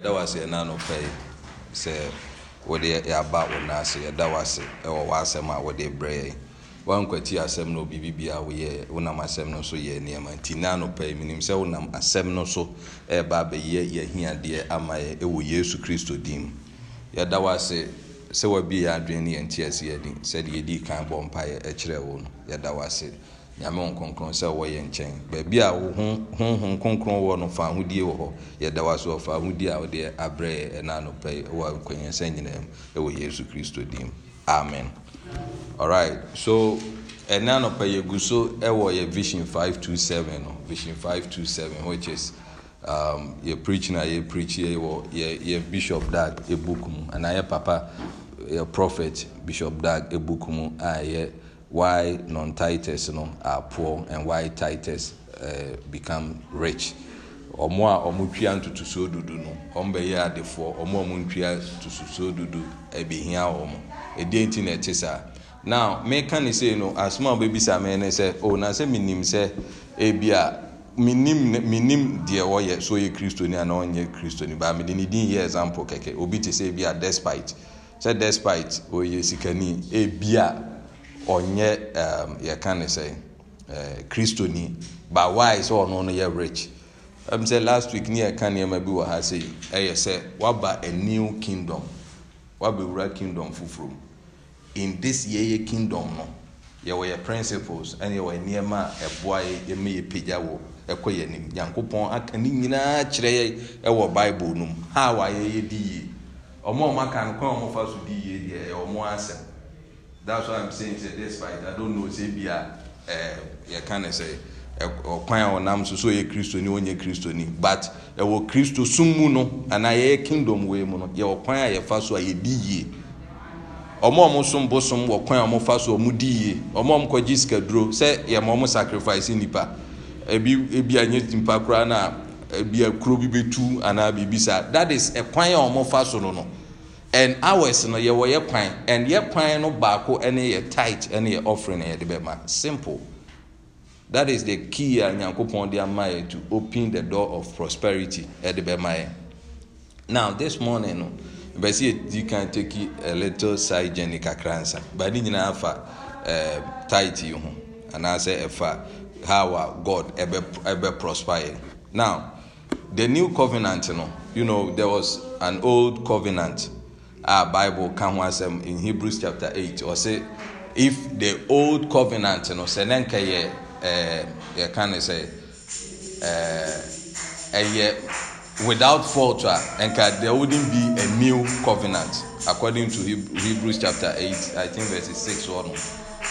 yɛda wase ɛna no pɛi sɛ wode yɛaba wo na ase yɛda wase ɛwɔ w'asɛm a wode brɛ yɛ wankwati asɛm no obibibi a woyɛ wonam asɛm no so yɛ nneɛma nti na no pɛi menim sɛ wonam asɛm no so ɛba abɛyɛ yɛahiadeɛ ama yɛ ɛwɔ yesu kristo din yɛda wase sɛ wabie yɛ adwene ne yɛnte ase yɛdin sɛdeɛ yɛdi kan bɔ mpayɛ ɛkyerɛ wo no yɛda wase nyame nkonkron sɛ wɔyɛ nkyɛn baabi a honhom kronkron wɔ no fa ahodie wɔ hɔ yɛda wa so ɔfa ahodie a wɔde abrɛ ɛna anɔpɛ wɔ nkwanyɛsɛ nyinaa mu ɛwɔ yesu kristo dim amen alright so ɛna anɔpɛ yɛgu so ɛwɔ yɛ vision 527 no vision 527 which is um, yɛ preach na yɛ preach yɛ wɔ yɛ yɛ bishop dag ebook mu anaa papa yɛ prophet bishop dag ebook mu a yɛ why non-titers you no know, are poor and why titers uh, become rich ɔmo a ɔmo twia ntotosuo dudu no ɔmo bɛyɛ adefoɔ ɔmo a ɔmo ntwia ntotosuo dudu ɛbɛhia ɔmo ɛdeɛ ti na ɛte saa now meka ne sei no asoma a ɔbɛbisa mɛ ne sɛ o oh, na sɛ minim sɛ ebi a minim minim deɛ ɔyɛ so ɔyɛ kristoni a na ɔnyɛ kristoni ba mi de ne din yɛ example kɛkɛ obi te sɛ ebi a despite sɛ despite ɔyɛ sikani ebi a. ɔnyɛ um, yɛka ne sɛ eh, kristoni ba wy sɛ ɔno no yɛ rich m sɛ last week ne yɛka nnoɔma bi wɔ ha sɛi ɛyɛ sɛ waba woaba anew kingdom woabɛwura kingdom foforom in this yɛyɛ kingdom no yɛwɔ yɛ principles ɛne yɛwɔ nnoɔma a ɛboa yɛma yɛpagya wɔ ɛkɔ yɛ anim nyankopɔn aka ne nyinaa kyerɛ yɛ ɛwɔ bible no mu ha wayɛyɛ di yie ɔma ɔma aka no kwan ɔmofa so di yie deɛ ɛwɔ mo asɛm that's why i'm saying say despite i don't know say bia ɛɛ yɛka ne sɛ ɔkwan a ɔnam eh, eh, so so yɛ ni ɔnyɛ ni but ɛwɔ eh, kristo sum mu no anaa yɛyɛ kingdom wei mu no yɛwɔ kwan a yɛfa so a di yie ɔmo a ɔmo som bosom wɔ kwan a ɔmo fa so ɔmo di yie ɔmo a ɔmo kɔgye sikaduro sɛ yɛ mo ɔmo sacrifice nipa ebi ebi a nye nipa koraa na ebi a kuro bi betu anaa saa that is ɛkwan a ɔmo fa so no no. and hours no yɛwɔ yɛ kwan and yɛ kwan no baako ne yɛ tight ne yɛ offering yɛde bɛma simple that is the key a uh, nyankopɔn de ama yɛ to open the door of prosperity yɛde bɛma yɛ now this morning no bɛsi edi kan take a little side journey kakra nsa but ne nyinaa fa ɛɛ eh, tight yi ho anaasɛ ɛfa eh, how a god ɛbɛ ɛbɛ prosper yɛ now the new covenant no you know there was an old covenant. Our bible ka ho asɛm in hebrews chapter 8 say, if the old covenant no sɛ ne nka yɛ ɛɛ ne sɛ ɛɛ ɛyɛ without fault uh, a nka there wouldn't be a new covenant according to hebrews chapter 8 i think verse 6 or no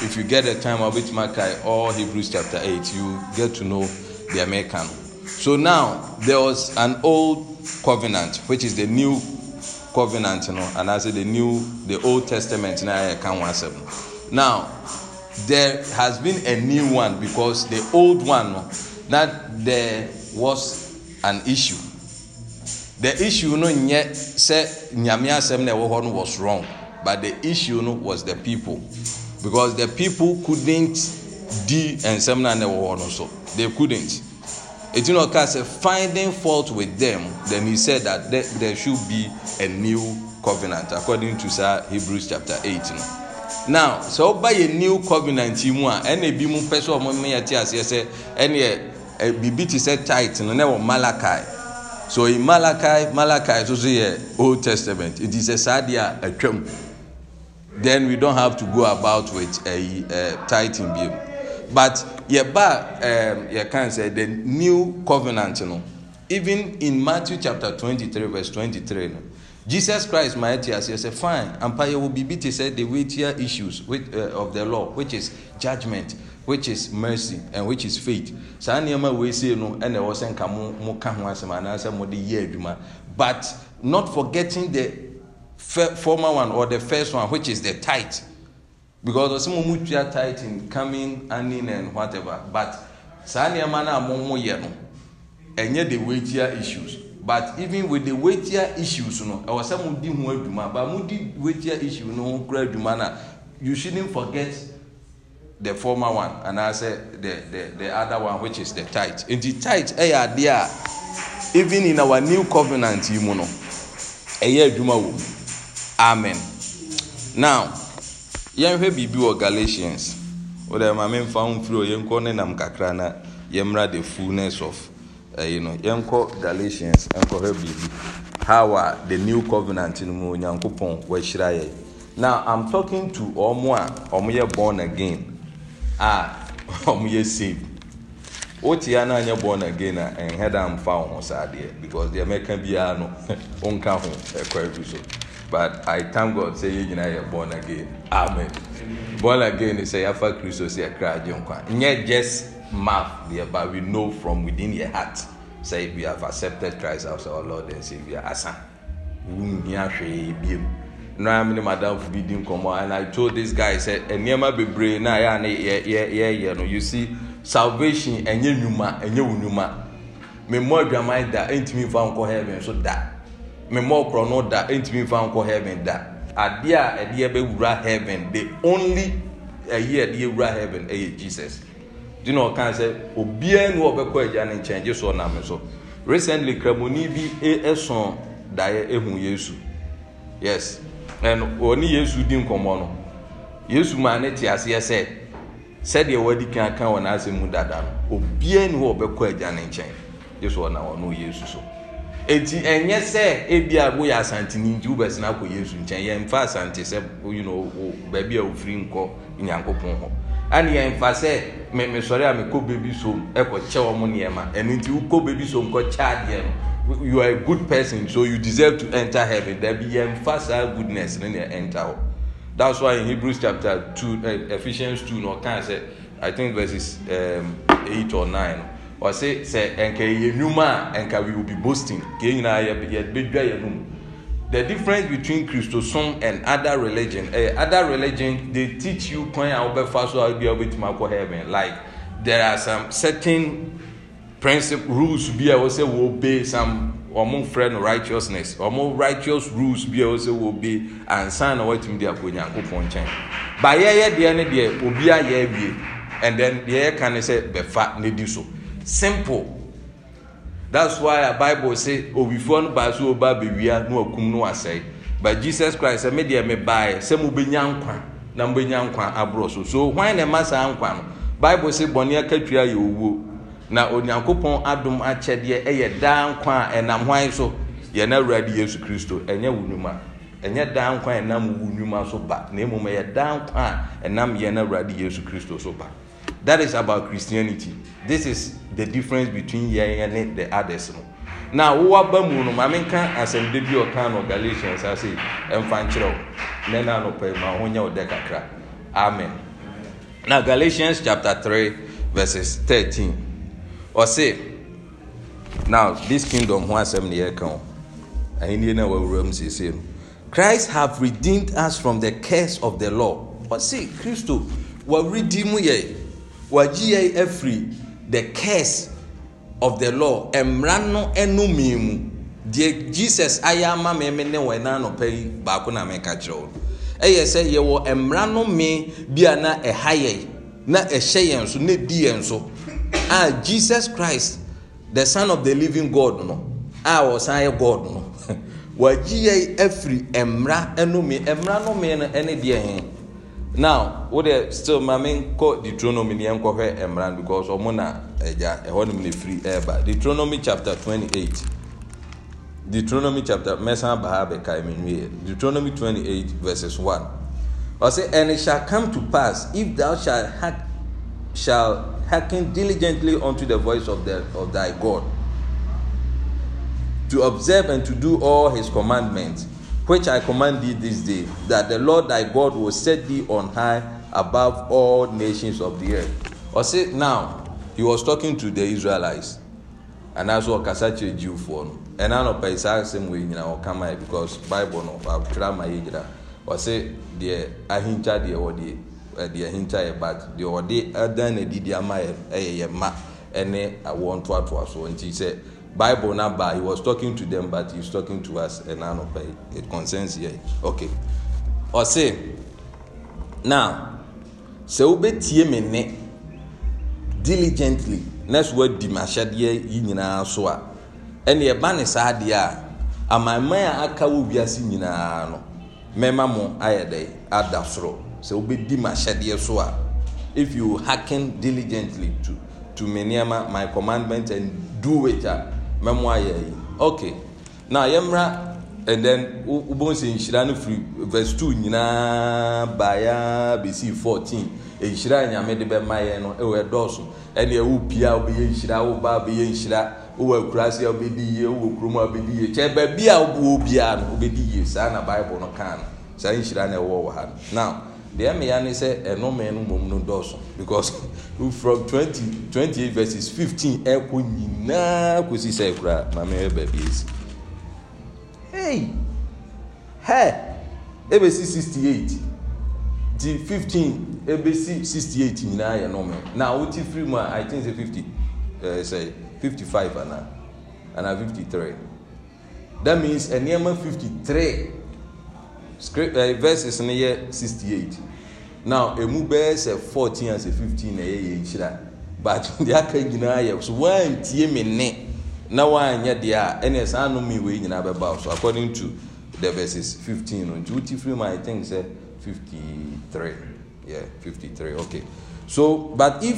if you get the time of which Malachi or hebrews chapter 8 you get to know the american so now there was an old covenant which is the new covenant no anaasɛ the new the old testament na ayɛ ka ho asɛm now there has been a new one because the old one no na there was an issue the issue no nyɛ sɛ nyame asɛm na ɛwɔ hɔ no was wrong but the issue no was the people because the people couldn't di nsɛm na na ɛwɔ hɔ no so they couldn't. 18 Oka said, finding fault with them, then he said that there, there should be a new covenant, according to sir, Hebrews chapter 8. Now, so by a new covenant, you want any be more person, mommy at yes, yes, any bibi ti sɛ tight no na wɔ malachi so in malachi malachi so so yɛ eh, old testament it is a saa deɛ a atwam then we don't have to go about with a, a tithing bill but yɛba can say the new covenant you know. even in matthew chapter 23 verse 23 no jesus christ my ɛte say, say, fine ampa will be te say the weightier issues with, uh, eh, of the law which is judgment which is mercy and which is faith saa we say no ɛna ɛwɔ sɛ nka mo mo ka ho asɛm anaasɛ mo de yɛ adwuma but not forgetting the former one or the first one which is the tithe because ɔsɛ mo mu tua titan coming earning and whatever but saa nneɛma no a mo ho yɛ no ɛnyɛ the weightier issues but even with the weightier issues no ɛwɔ sɛ mo di ho adwuma but mo di weightier issues, no ho kura adwuma na you shouldn't forget the former one and anaasɛ the the the other one which is the tithe the tithe ɛyɛ adeɛ a even in our new covenant yi mu no ɛyɛ adwuma wɔ amen now yɛnhwɛ biribi wɔ galatians wode maame mfa ho mfiri o yɛnkɔ ne nam kakra na yɛmmra the fullness of ɛyi eh, no yɛnkɔ galatians nkɔhwɛ biribi how a the new covenant no mu onyankopɔn wahyira yɛ now i'm talking to ɔmo a ɔmo yɛ born again a ɔmo yɛ saved wote ya na anyɛ born again a ɛnhɛ da mfa wo ho saa deɛ because deɛ mɛka biara no wonka ho ɛkɔ agu so But I thank God, say you know you're born again. Amen. Born again is say Alpha Christos a cry Not just mouth there, but we know from within your heart. Say we have accepted Christ as our Lord and Savior. Asa. na me ne madamfo bi di nkɔmmɔ and i told this guy Said enyema bebre na yɛ a ne yɛyɛ no you see salvation enye nnwuma enye wo Me memmɔ adwaman da ɛntumi mfa nkɔ heaven so that memmɔ korɔ no da ɛntumi e mfa nkɔ heaven da adeɛ a ɛdeɛ bɛwura heaven the only ɛyi ɛdeɛ wura heaven ɛyɛ jesus di na ɔka sɛ obiara ni ɔbɛkɔ agya ne nkyɛn gye so ɔnam so recently kramoni bi e, ɛso daeɛ ehu yesu yes ɛn ɔne yesu di nkɔmɔ no yesu maa ne te aseɛ sɛ sɛdeɛ wɔadi kan kan wɔ n'asɛm mu dada no obiara ni ɔbɛkɔ agya ne nkyɛn gye so ɔnam ɔno yesu so eti ɛnyɛ sɛ ebi a woyɛ asanteni nti wobɛsena akɔ yesu nkyɛn yɛmfa asante sɛ you know wo baabi a ofiri nkɔ nyankopɔn hɔ ɛna yɛmfa sɛ me mesɔre a mekɔ beebi so ɛkɔ kyɛ wɔn nneɛma ɛno nti wokɔ beebi so nkɔ kyɛ adeɛ no you are a good person so you deserve to enter heaven dabi yɛmfa saa goodness ne na enter hɔ that's why in hebrews chapter two uh, ephesians two na ɔkan sɛ i think verses um, eight or nine ɔse sɛ nka yɛ nnwuma a nka we will be boasting kee nyinaa yɛ yɛ bedwa yɛn mu the difference between christosom and other religion eh other religion they teach you kwan a wɔbɛfa so a bi a wɔbɛtumi akɔ heaven like there are some certain principle rules bi a wɔsɛ wɔobey some wɔn frɛ no righteousness wɔn righteous rules bi a wɔsɛ wɔobey ansan na wɔatumi de akɔ nyankopɔn nkyɛn ba yɛyɛ deɛ ne deɛ obi ayɛ awie and then deɛ yɛka ne sɛ bɛfa ne di so. simple that's why our bible say owifoɔ oh, no baa so ɔba abɛwia na wakum no wasɛe but jesus christ sɛ medeɛ mebaeɛ sɛ mobɛnya nkwa na mobɛnya nkwa aborɔ so so hwan na ɛma saa nkwa no bible sɛ bɔne akatwia yɛ owuo na onyankopɔn adom akyɛdeɛ ɛyɛ daa nkwa a ɛnam hwan so yɛn awurade yesu kristo ɛnyɛ wo nnwuma ɛnyɛ daa nkwa a ɛnam wo nnwuma so ba na mmom ɛyɛ daa nkwa a ɛnam yɛn awurade yesu kristo so ba that is about christianity this is the difference between yɛn ne the others no na wowaba mu no maame nka asɛmde bi ɔka no galatians ase ɛmfa nkyerɛ wo ne na anɔpa ma ho nyɛ wo dɛ kakra amen na galatians chapter three, verses 13 ɔse now this kingdom ho asɛm ne yɛka wo ahenni na wawura mu seesei no christ have redeemed us from the curse of the law ɔse kristo wawredi mu yɛ wɔagye yɛn afiri the curse of the law mmara no nnome mu deɛ jesus ayɛ ama me me ne wɔn anɔpɛ yi baako na meka kyerɛw ɛyɛ sɛ yɛwɔ mmara no me bi a na ɛha yɛn na ɛhyɛ yɛn so na ɛdi yɛn so a jesus christ the son of the living god no a wɔsan yɛ god no wɔagye yɛn afiri mmara nnome mmara no me no ne deɛ hɛn now wo de still maame nkɔ deuteronomy ni yɛn nkɔhwɛ mmeran because ɔmo na ɛgya ɛhɔ nom na efiri ɛɛba deuteronomy chapter twenty eight deuteronomy chapter mɛsan ba ha abɛka ɛmɛnwie deuteronomy twenty eight verses one ɔsɛ and it shall come to pass if thou shall hack shall hearken diligently unto the voice of, the, of thy God to observe and to do all his commandments which I command thee this day, that the Lord thy God will set thee on high above all nations of the earth. Or say now, he was talking to the Israelites, and that's what Kasachi Jew for. And I know Paisa same way in our Kama because Bible no Trama Hijra. Or say the Ahinta uh, the odi the the Ahinta, but the odi the Adan the Didiama, a ma, and uh, I want to so and she said bible naba he was talking to them but he he's talking to us And ɛnanɔpɛ it concerns here okay ɔse now sɛ wobɛtie me nne diligently na so woadi m'ahyɛdeɛ yi nyinaa so a ɛne ɛba ne saa adeɛ a amanman a aka wɔ wiase nyinaa no mɛma mo ayɛ dɛ ada soro sɛ wobɛdi m'ahyɛdeɛ so a if you hearken diligently to to me nneɛma my commandment and do it a. mɛmo ya ok na yɛmmra and then wobɛhu sɛ nhyira no firi verse 2 nyinaa baeɛ bɛsii 14 nhyira a nyame de bɛma yɛn no ɛwɔ ɛdɔɔso ɛne ɛwo pie a wobɛyɛ nhyira woba wobɛyɛ nhyira wowɔ akurase a wobɛdi yie wowɔ kurom yie kyɛ baabi a no yie saa na bible no no saa nhyira ɛwɔ wɔ ha no now deɛ mmea ne sɛ ɛnome no mom no dɔɔso because from twenty twenty eight verses fifteen ɛkɔ eh, nyinaa kɔsi sɛ ɛkura maame yɛ baabi esi hey hɛ ebesi sixty eight ti fifteen ebesi sixty eight nyinaa yɛ nome na wote firi mu a i think say fifty ɛɛ eh, sɛ fifty five ana ana fifty three that means ɛnneɛma eh, fifty three script ɛɛ verses ne yɛ sixty eight. now emu bɛyɛ sɛ fourteen ase fifteen na ɛyɛ eh, yɛn nhyira but deɛ aka nyinaa yɛ so wɔantie me nne na wɔanyɛ deɛ a ɛna saa nnome wei nyinaa bɛba so according to the verses fifteen no nti wuti firi mu i think sɛ fifty three yeah fifty three okay so but if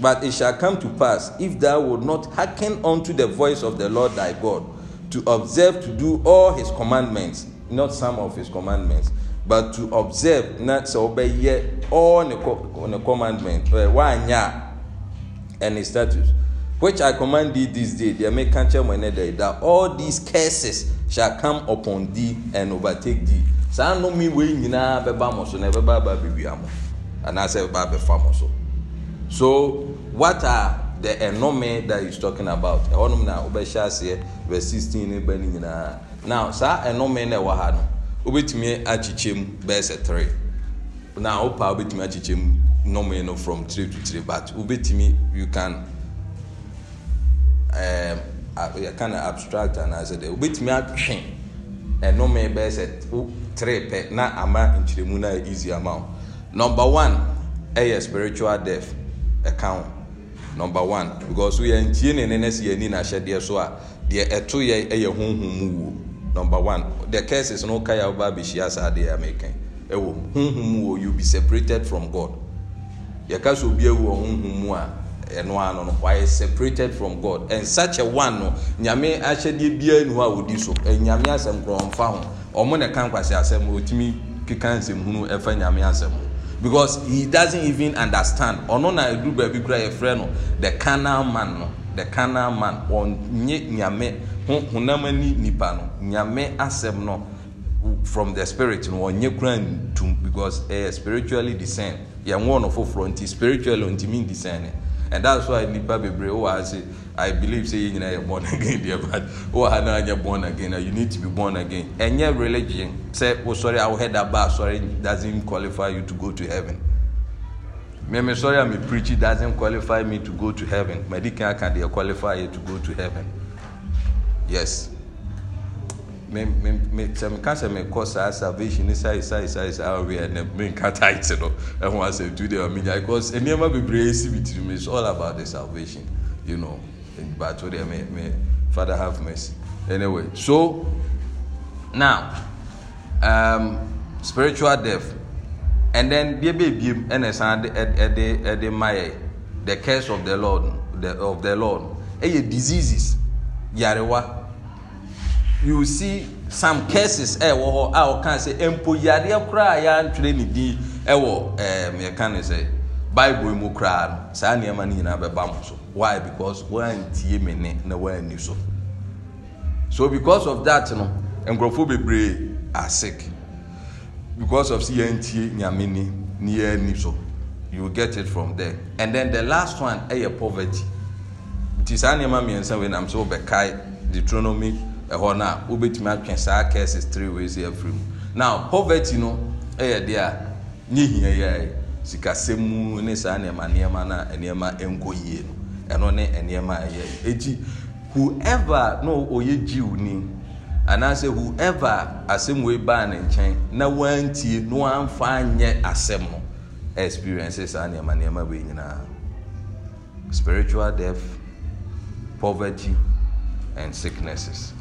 but it shall come to pass if thou would not hearken unto the voice of the lord thy god to observe to do all his commandments not some of his commandments but to observe na sɛ wobɛyɛ all ne commandment woanyɛ a ɛne status which i command thee this day deɛ meka kyerɛ mo ɛnɛ dɛ that all these curses shall come upon thee and overtake thee saa nnome wei nyinaa bɛba mo so na ɛbɛba aba abɛwia amo, anaasɛ ɛbɛba abɛfa mo so so what are the nnome that he is talking about ɛhɔnom na wobɛhyɛ aseɛ verse sixteen ne ba ne nyinaa now saa nnome na ɛwɔ ha no. wobɛtumi akyekyɛ mu bɛɛsɛ 3 na wopa wobɛtumi akyekyɛ mu nɔme no from 3 to 3 but wobɛtumi you can um, yɛka no abstract anaasɛ dɛ wobɛtumi atwe ɛnome bɛɛsɛ 3 pɛ na ama nkyerɛmu no a easy ama wo number one ɛyɛ spiritual death ɛka ho number one because na ne ne ne na yɛani n'ahyɛdeɛ so a deɛ ɛto yɛ ɛyɛ honhom mu wuo number one the curses no kaya ọba abɛhyia saa adeɛ Ewo, ɛwɔ huhum wɔ you be separated from god yɛka so obi awu wɔ huhum mu a ɛno ano no wayɛ separated from god and such a one no nyame ahyɛdeɛ biara nu a odi so nyame asɛm korɔ nfa ho ɔmo na ɛka nkwasi asɛm otumi keka nsɛm hunu ɛfɛ nyame asɛm ho because he doesn't even understand ɔno na edu baabi kura yɛfrɛ no the carnal man no the carnal man ɔnye nyame honam ani nipa no nyame asɛm no from the spirit no ɔnyɛ kura ntum because ɛyɛ spiritually discern yɛn wɔn no foforɔ nti spiritually ntumi discern and that's why nipa bebree wɔ ha say i believe say yɛn nyinaa yɛ born again deɛ but wɔ ha naa yɛ born again na you need to be born again ɛnyɛ religion sɛ wosɔre awohɛda ba asɔre doesn't qualify you to go to heaven mímí sɔre àmì preaching doesn't qualify me to go to heaven mɛdi kan kan dey qualify you to go to heaven yes me me me. sɛ meka sɛ mekɔ saa salvation ne saesaesaesaa wei ɛnɛ menka tight no ɛho asɛmtu deɛ menya because nneɛma bebree si bi tiri me it's all about the salvation you know but wo deɛ me me father have mercy anyway so now um, spiritual death and then deɛ beebiem ɛna san de ɛde ɛde mayɛ the curse of the lord the of the lord ɛyɛ diseases yarewa you see some cases ɛwɔ eh, hɔ a ɔka sɛ mpo yareɛ koraa yɛantwerɛ ne din ɛwɔ eh, ɛɛm yɛka ne sɛ bible mu koraa no saa nneɛma no nyinaa bɛba mo so why because wɔantie me ne na wɔanni so so because of that no nkurɔfoɔ bebree are sick because of sɛ yɛantie nyame ni ne yɛanni so you get it from there and then the last one ɛyɛ poverty nti saa nnoɔma mmiɛnsa wei nam sɛ wobɛkae deuteronomy hɔ no a wobɛtumi atwe saa cases three ways afiri mu now poverty no yɛ deɛ a nyɛ hia yɛe sikasɛm mu ne saa nnoɔma nnoɔma no a nnoɔma nkɔ yie no ɛno ne nnoɔma ɛyɛ ɛnti whoever no ɔyɛ gyew ni anaasɛ whoever asɛm wei baa ne nkyɛn na wantie na wamfa anyɛ asɛm no experience saa nnoɔma nnoɔma wei nyinaa spiritual death poverty and sicknesses.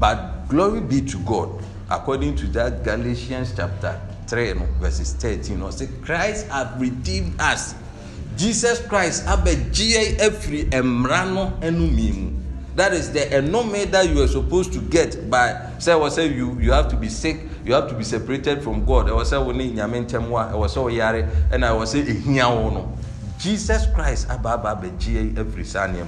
But glory be to God, according to that Galatians chapter 3, verses 13, or say, Christ have redeemed us. Jesus Christ abɛgyeɛ every mmara enumimu. that is the enome that you are supposed to get by say wɔ say you you have to be sick you have to be separated from God I ɛwɔ sɛ wɔn ne nyame ntɛm I ɛwɔ sɛ ɔyare ɛna ɛwɔ sɛ ehia wɔn no Jesus Christ ababa aba every Sunday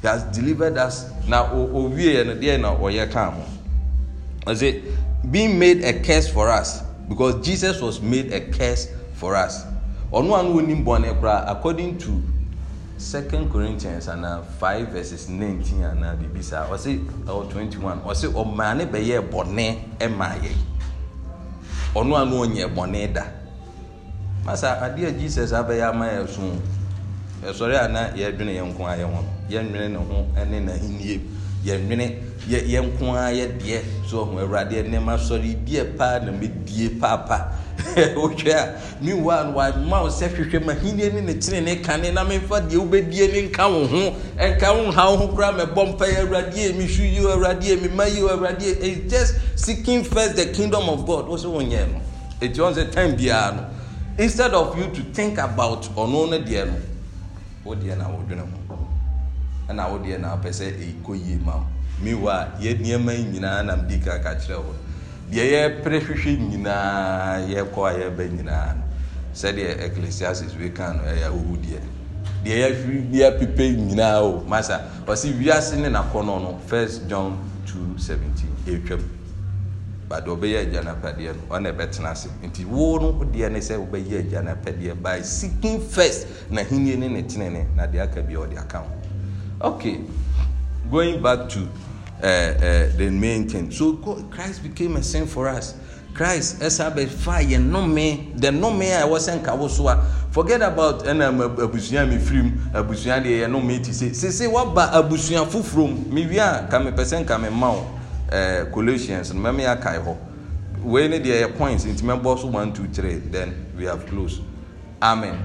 he has delivered us na owie yɛ no deɛ na ɔyɛ kan ho ɔsɛ being made a curse for us because jesus was made a curse for us ɔno ano onim bɔnɛ koraa according to second corinthians ana five verses nineteen ana bibi saa ɔsi ɔ twenty one ɔsi ɔmaa ne bɛyɛ bɔnɛ ɛmaa yɛ ɔno ano onyɛ bɔnɛ da masa adeɛ jesus abɛyɛ ama yɛ sun ɛsɔre a na yɛdwene yɛn nko ara yɛn ho yɛdwene ne ho ne n'ahennie yɛdwene yɛ yɛn nko ara yɛ deɛ so ɔho awurade nneɛma sɔre bie paa na medie paapa wotwe a meanwhile no wama wo sɛ hwehwɛ ma henie ne ne tene ne kane na memfa deɛ wobɛdie ne nka wo ho ɛnka wo nha wo ho koraa mɛbɔ mpa yɛ awurade yɛ mesu yi awurade yɛ mema yi awurade yɛ it's just seeking first the kingdom of god wo sɛ wonyɛ no ɛti ɔn sɛ time biara no instead of you to think about ɔno ne deɛ no wo deɛ na wodwene ho ɛna wo deɛ na wopɛ sɛ ɛkɔ yie ma wo mewa yɛ nneɛma nyinaa nam di ka ka wo deɛ yɛpere hwehwɛ nyinaa yɛkɔ a yɛbɛ nyinaa no sɛdeɛ ecclesiastes wei ka no ɛyɛ awowu deɛ deɛ yɛhwiri yɛpepe nyinaa o masa ɔsi wiase ne n'akɔnɔ no first john two seventeen etwam but ɔbɛyɛ agyanapɛdeɛ no ɔna ɛbɛtena ase nti wo no deɛ ne sɛ wobɛyɛ agyanapɛdeɛ by seeking first na hinnie ne ne ne na deɛ aka bia ɔde aka ho okay going back to uh, uh, the main thing so God, christ became a sin for us christ ɛsan bɛfa yɛn nnome the nnome a ɛwɔ sɛ nkawo so a forget about ɛna eh, abusua mi firi mu abusua deɛ yɛn nnome ti se sese waba abusua foforɔ mu mi wia kamepɛ sɛ nkamema o colations no mɛme yɛakae hɔ wei ne deɛ yɛ points nti mɛbɔ so 123 then we have close amen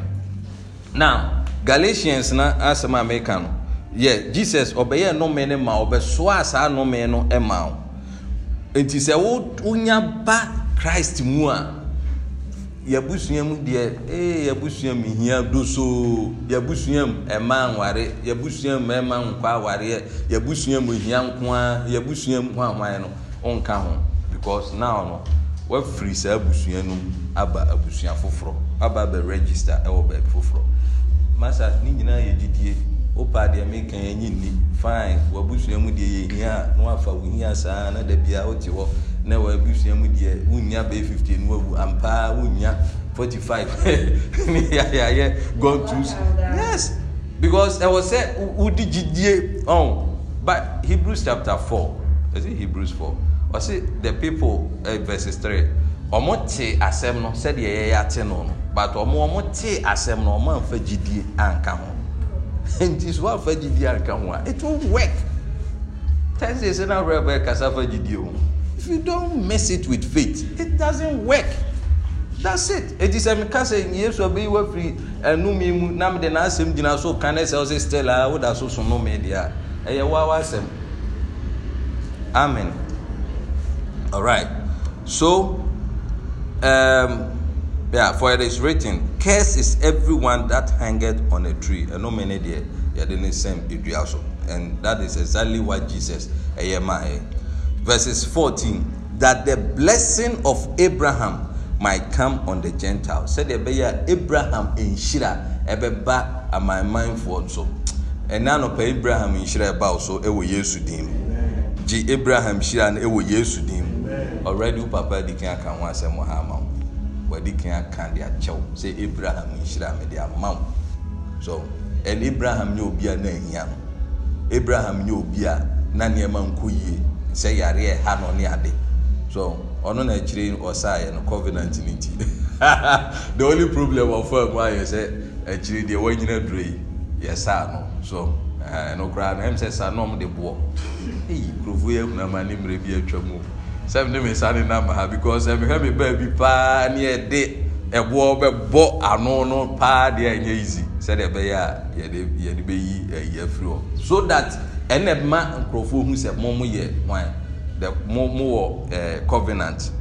now galatians na asɛm a meka no yɛ jesus ɔbɛyɛ nnome no ma ɔbɛsoa saa nnome no ma wo nti sɛ wonya ba christ mu a yɛbusua deɛ ee eh, yɛbusua hia dosoo yɛbusua mu ɛma nware yɛbusua mu nkɔ awareɛ yɛbusua mu nkoa yɛbusua hwanhwan no nka ho because now no wafiri saa abusua no aba abusua foforɔ aba abɛ register ɛwɔ baabi foforɔ masa ne nyinaa yɛ gyidie wopa deɛ meka ɛnyi nni fine wabusua mu deɛ yɛhia na wafa wo hia saa na da bia wote hɔ na wabusua mu deɛ wonnya bɛyɛ 50 no wawu ampaa wonnya 45 ne yɛayɛ gone through yes because ɛwɔ sɛ wodi gyidie ɔn but hebrews chapter four, is it hebrews 4 ɔsi the people uh, verses three. wɔn te asɛm no sɛdeɛ yɛyɛ ate no no but wɔn wɔn te asɛm no wɔn amfa gyidie anka ho nti so afa gyidie anka ho a it will work thursday sɛ na awerɛ bɛyɛ kasa afa gyidie o oh. if you don't mess it with faith it doesn't work that's it eti sɛ mi kasa yesu abeyi wa firi ɛnum yi mu nam de n'asɛm gyina so kan ɛsɛ ɔsɛ stella ɔda so so nom ɛdeɛ a ɛyɛ wa wa asɛm amen alright so. Um, Yeah, for it is written, Curse is everyone that hangeth on a tree. And no many there, yeah, the same also. And that is exactly what Jesus eh, AMI. Eh, verses fourteen, that the blessing of Abraham might come on the Gentiles. Said Ebeya Abraham in Shira, Ebeba and my mind for so. And now of Abraham in Shira about so ewo Yesu dim. G Abraham Shira and ewo Yesu dim. Already papa di kan kan wa se Muhammad. wɔde ka aka de akyɛw sɛ abraham nhyira mede ama wo so ɛn abraham nyɛ obi a na ahia no abraham nyɛ obi a na nnoɔma nkɔ yie sɛ yareɛ ha no ne ade so ɔno no akyire ɔsaaeɛ no covenant no nti the only problem ɔfaamu ayɛ sɛ akyiri deɛ wanyina durɔ yi yɛ saa no so ɛno uh, koraa no m sɛ sa nom de boɔ kurofo yɛahunama ne mmerɛ bi atwa mu sɛ mede me nsa ne nam ha because mehwɛ me baabi paa ne yɛde ɛboɔ bɛbɔ ano no paa deɛ ɛnyɛ easy sɛdeɛ ɛbɛyɛ a yɛde yɛde bɛyi ɛyi afiri hɔ so that ɛna ma nkurɔfoɔ hu sɛ mo mo yɛ wɔn the mo mo wɔ covenant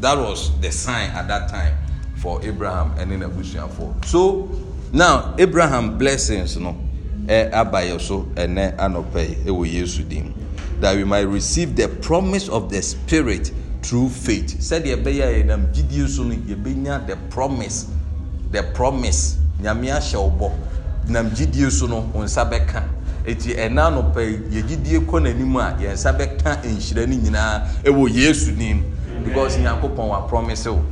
that was the sign at that time for abraham ɛne n'abusuafoɔ so now abraham blessings no ɛɛ aba yɛ so ɛnɛ anɔpɛ yi ɛwɔ yesu dim that we might receive the promise of the spirit through faith sɛdeɛ ɛbɛyɛ a yɛnam gyidie so no yɛbɛnya the promise the promise nyame ahyɛ wo bɔ nam gyidie so no wo nsa bɛka eti ɛna anɔpɛ yɛgyidie kɔ n'anim a yɛn nsa bɛka nhyira no nyinaa ɛwɔ yesu nim because nyankopɔn wa promise o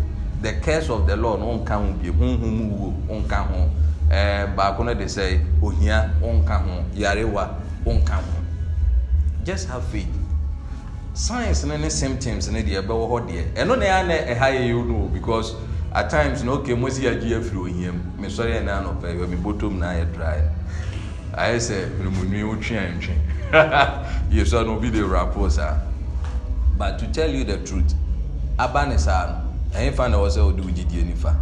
the curse of the lord no nka ho bie huhum mu wo nka ho ɛɛ baako no de sɛ ohia nka ho yarewa nka ho just have faith Science, ne ne symptoms ne deɛ ɛbɛwɔ hɔ deɛ ɛno na yɛn na ɛha yɛ yɛn no because at times na okay mosi agye afiri ohia mu mesɔre yɛn nan ɔpɛ yɛ mi bɔtɔ mu na ayɛ dry ayɛ sɛ mmemunwi otwi antwi yɛ sɔ no obi de rapo saa but to tell you the truth aba ne saa no ɛyin fa na ɛwɔ sɛ ɔde ogye die nifa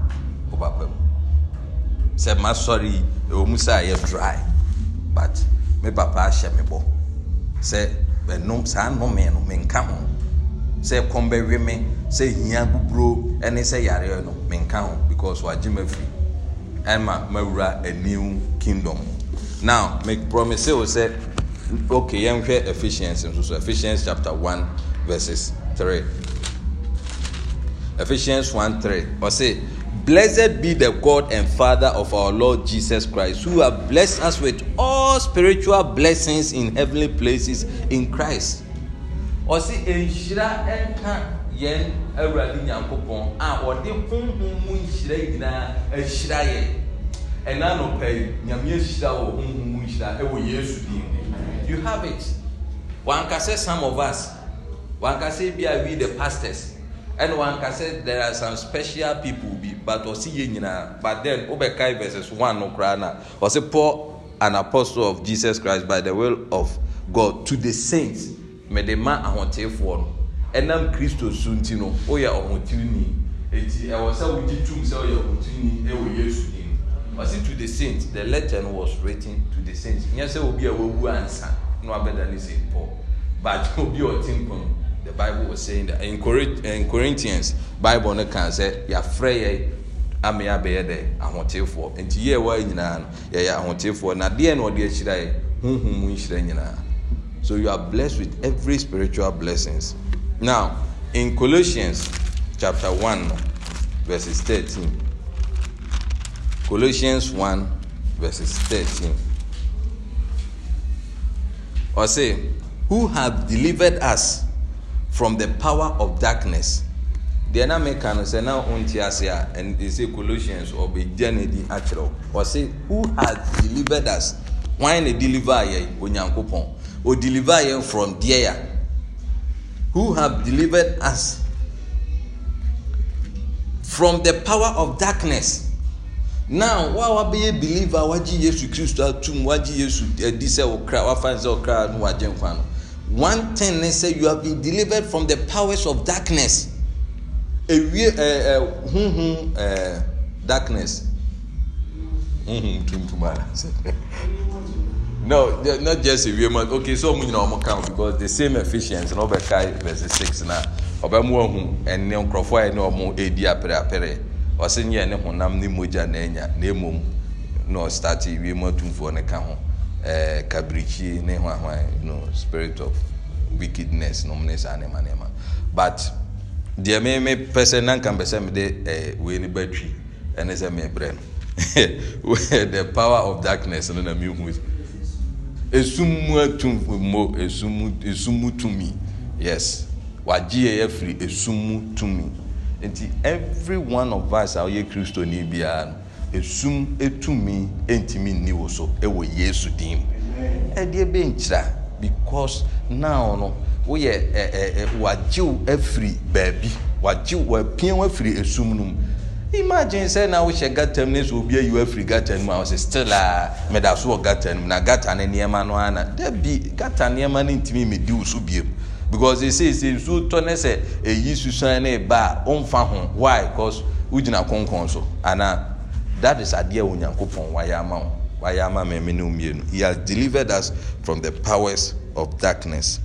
ɔba pɛ mu sɛ ma sɔre ɛwɔ mu sɛ ayɛ dry but me papa ahyɛ me bɔ sɛ ɛnum saa nnome no menka ho sɛ kɔn bɛwe me sɛ hia buburo ɛne sɛ yareɛ no menka ho because wagye ma firi ɛma mawura a new kingdom now make promise o sɛ okay yɛnhwɛ Ephesians nso so Ephesians chapter one verses three Ephesians one three ɔsɛ. Blessed be the God and Father of our Lord Jesus Christ, who has blessed us with all spiritual blessings in heavenly places in Christ. Ɔsi nhyira nka yɛn awurade nyankopɔn a ɔde honhom mu nhyira nyinaa ahyira yɛ. Ɛna anɔpa yi, nyame ahyira wɔ mu nhyira ɛwɔ Yesu din mu. You have it. Wankasɛ some of us, wankasɛ bi a we the pastors ɛna wanka sɛ there are some special people bi but ɔsi yɛ nyinaa but then wobɛkae verses one no koraa na ɔsi paul an apostle of jesus christ by the will of god to the saints mɛde ma ahotefoɔ no ɛnam kristo so nti no woyɛ ɔhotini eti ɛwɔ sɛ wogye tum sɛ woyɛ ɔhotini ɛwɔ e yesu ni ɔsi to the saints the letter was written to the saints nyɛ sɛ obi a wawu ansa na wabɛda ne saint paul but obi a ɔte the bible was saying that in, Corinth, in corinthians bible no kan sɛ yɛafrɛ yɛ ama yɛabɛyɛ dɛ ahotefoɔ nti yɛ ɛwɔ nyinaa no yɛyɛ ahotefoɔ na deɛ na ɔde ahyira yɛ honhom mu nhyira nyinaa so you are blessed with every spiritual blessings now in colossians chapter one verses thirteen, colossians one verses 13 ɔse who have delivered us from the power of darkness deɛ na meka no sɛ na wonte ase a ɛsɛ colossians ɔbɛgya no di akyerɛ wo ɔse who has delivered us wan na deliver yɛn onyankopɔn ɔdeliver yɛn from there? who have delivered us from the power of darkness now wa wabɛyɛ believer wagye yesu kristo atum wagye yesu adi sɛ wokra wafa sɛ wokra no wagye nkwa no one ten, ne say you have been delivered from the powers of darkness ewie ɛɛ huhun ɛɛ darkness huhun tuntum ara no not just ewie ma okay so ɔmo nyina ɔmo kan because the same efficiency. na ɔbɛ kae verse six na ɔbɛ mu ɔhun ɛne nkorɔfoɔ a ɛne ɔmo edi apere apere ɔsi nyɛ ne honam ne mogya na enya na emom na ɔstart ewie ma tunfoɔ ne ka ho ɛɛ eh, kabirikyie ne hwahwan no spirit of wickedness nom ne saa but deɛ me me pɛ sɛ nanka mpɛ sɛ me de ɛɛ eh, wei ne batwi ɛne sɛ me brɛ no the power of darkness no na mi hu Esumu mu atum mo esum mu tumi yes wagye yɛ yɛfiri esum mu tumi nti every one of us a ɔyɛ kristo biara no esum etumi ntumi nni wo so wɔ yesu dim ɛdeɛ bɛnkyira because now no woyɛ ɛ ɛ wagyew afiri baabi wagyew wapia afiri esum no mu imagine sɛ na wohyɛ gata mu ne sɛ obi ayi wafiri gata no mu a wɔsɛ still a ah, meda so wɔ gata mu na gata ne nneɛma no ana dabi gata nneɛma no ntumi medi wo so biem because e say say nsuo tɔ ne sɛ eyi susan ne ba a ɔmfa ho why because wogyina konkon so anaa that is adeɛ onyankopɔn wayɛ ama wo wayɛ ama mɛmɛ no mmienu he has delivered us from the powers of darkness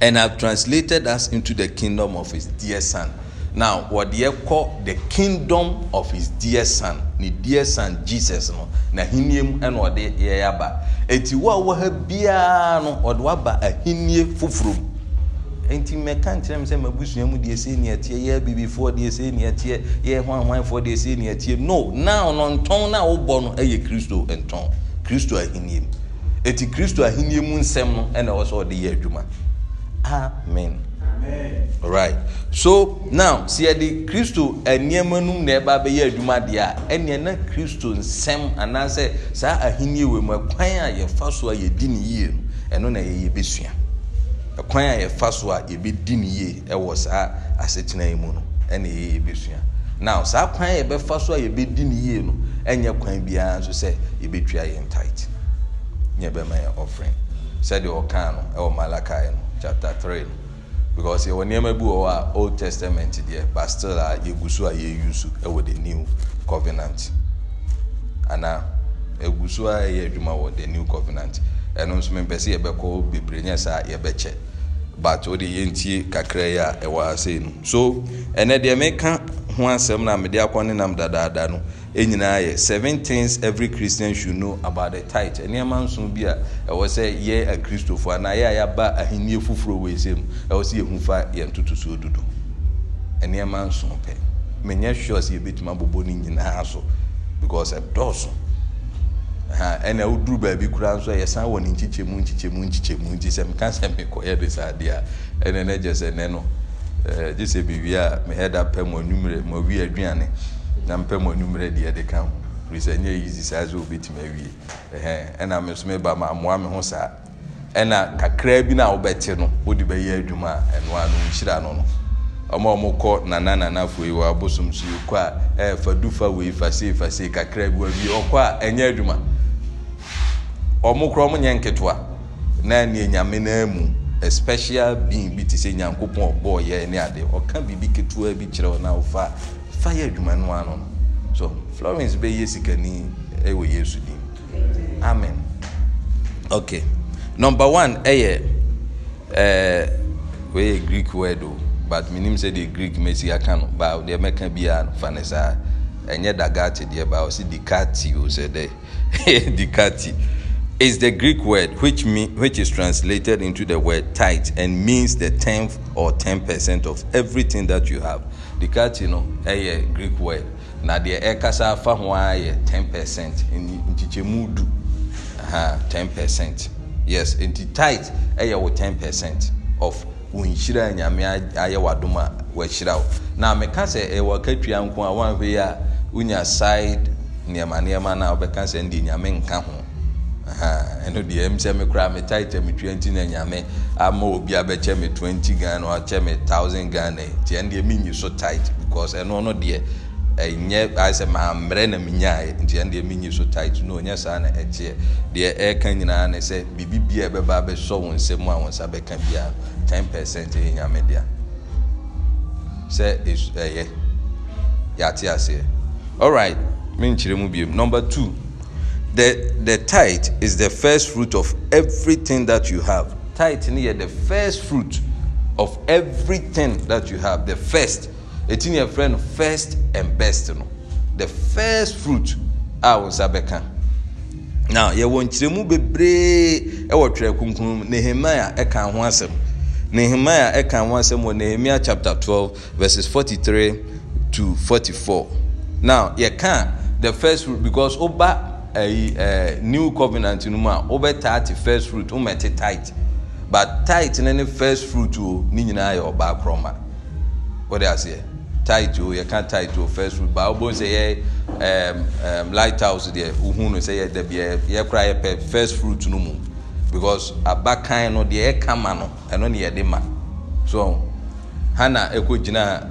and have translated us into the kingdom of his dear son now wɔde ɛkɔ the kingdom of his dear son ne dear son jesus no na ahinie mu ɛna ɔde yɛ aba eti wo a wɔ ha biara no ɔde waba ahinie foforɔ mu. nti mɛka nkyerɛ mi sɛ mabusua mu deɛ se nea teɛ yɛ abibifoɔ deɛ se nea teɛ yɛ hwanhwanfoɔ deɛ se nea teɛ no now no ntɔn na wobɔ no ɛyɛ kristo ntɔn kristo ahenni mu eti kristo ahenni mu nsɛm no ɛna ɛwɔ sɛ ɔde yɛ adwuma amen. All right. So now, see the Christo Kristo nneɛma num na ɛba abɛyɛ adwuma deɛ a And na Kristo nsɛm anaasɛ saa ahenni wɔ mu ɛkwan a yɛfa so a yɛdi ne yie no ɛno na yɛyɛ bɛsua. kwan a yɛfa so a yɛbɛdi ne yie ɛwɔ saa asetena yi mu no ɛna ɛyɛ yɛbɛsua now saa kwan a yɛbɛfa so a yɛbɛdi ne yie no ɛnyɛ kwan biara nso sɛ yɛbɛtua yɛn tight nyɛ bɛma yɛn offering sɛdeɛ ɔkaa no ɛwɔ malakai no chapter three no because yɛwɔ nneɛma bi wɔ hɔ a old testament deɛ but still a yɛgu so a yɛyu so ɛwɔ the new covenant ana egu so a yɛyɛ adwuma wɔ the new covenant. ɛno nso mepɛ sɛ yɛbɛkɔ bebree nyɛ saa yɛbɛkyɛ but wode yɛntie kakra yi a ɛwɔ asɛi no so ɛnɛ deɛ meka ho asɛm no a mede akɔ ne nam dadaada no e nyinaa yɛ seven things every christian should know about the tithe nneɛma nson bi a ɛwɔ sɛ yɛ akristofo anaa yɛ a yɛaba ahenni foforɔ wɔ ɛsɛm ɛwɔ sɛ yɛhu fa yɛn totosuo dodo nneɛma nson pɛ menyɛ sure sɛ yɛbɛtumi abobɔ no nyinaa so because ɛdɔɔso ɛna woduru baabi koraa nso yɛsan wɔ ne nkyikyɛmu nkyikyɛmu nkyikyɛmu nti sɛ meka sɛ mekɔyɛ de saa adeɛ a ɛne no gye sɛ nɛ no gye a mehɛda pɛ aduane na mpɛ mɔnwummerɛ deɛ de ka ho firi sɛ ɛnyɛ yisi saa sɛ wobɛtumi awie ɛna me nso meba ma amoa me ho saa ɛna kakra bi no a wobɛte no wode adwuma a ɛnoa no nhyira no no nana nana wɔ abosom so a ɛɛ wei ɔmo korɔ ɔmo nyɛ nketewa na ne nyame naa mu especial being bi te sɛ nyankopɔn ɔbɔ ɔyɛ ne ade ɔka biribi ketewa bi kyerɛ ɔna ɔfa fa yɛ adwuma no ano so florence bɛyɛ sikani ɛwɔ eh, yesu din amen okay number one ɛyɛ ɛɛ eh, wɔyɛ greek word o but minim sɛ deɛ greek mɛsi aka no ba deɛ mɛka bi a fa ne saa ɛnyɛ dagate deɛ ba ɔsi dikati o sɛ dɛ dikati. is the Greek word which, mean, which is translated into the word tithe and means the tenth or ten percent of everything that you have. The cat, you know, eh, a Greek word. Now the ekasa eh, fa ten percent in chichemudu. ten percent. Yes, in the tithe, eh, a ten percent of unshira nyame ayɛ wadom waduma wahyira wo na meka sɛ ɛwɔ akatua nko a wanhwei side nneɛma nneɛma no a ndi sɛ nde ɛno deɛ m sɛ me koraa metaeta me 20 na nyame ama obi abɛkyɛ me a ghana akyɛ me 1000 ghana nti ɛno deɛ menyi so tight because ɛno no deɛ ɛnyɛ ayɛ ma mere na menyaeɛ nti ɛno deɛ menyi so tight no ɔnyɛ saa na ɛkyeɛ deɛ ɛreka nyinaa na sɛ biribibia ɛbɛba bɛsɔ wo nsɛ mu a wo nsa bɛka biara 10 percent ɛyɛ nyame dea sɛ ɛyɛ yɛate aseɛ alright menkyerɛ mu biom number two The, the tithe is the first fruit of everything that you have. Tithe ni yɛ the first fruit of everything that you have. The first. Eti ni yɛ frɛ no first and best no. The first fruit a wɔn nsa bɛka. Now yɛwɔ nkyiremu bebree ɛwɔ twerɛ kunkun mu. Nehemiah ɛka ho asɛm. Nehemiah ɛka ho asɛm wɔ Nehemiah chapter twelve verses forty-three to forty-four. Now yɛka the first fruit because ɔba. Eh, eh, new covenant no mu a wobɛtaa te first fruit womɛte tight, but tight no ne first fruit o ne nyinaa yɛ ɔbaa korɔma wode aseɛ tit o yɛka tight o first fruit baa wobɛhu sɛ yɛ light house deɛ wohu no sɛ yɛda bi yɛkora yɛpɛ first fruit no mu because abakan no deɛ ɛka ma no ɛno ne yɛde ma so hana ɛkɔgyinaa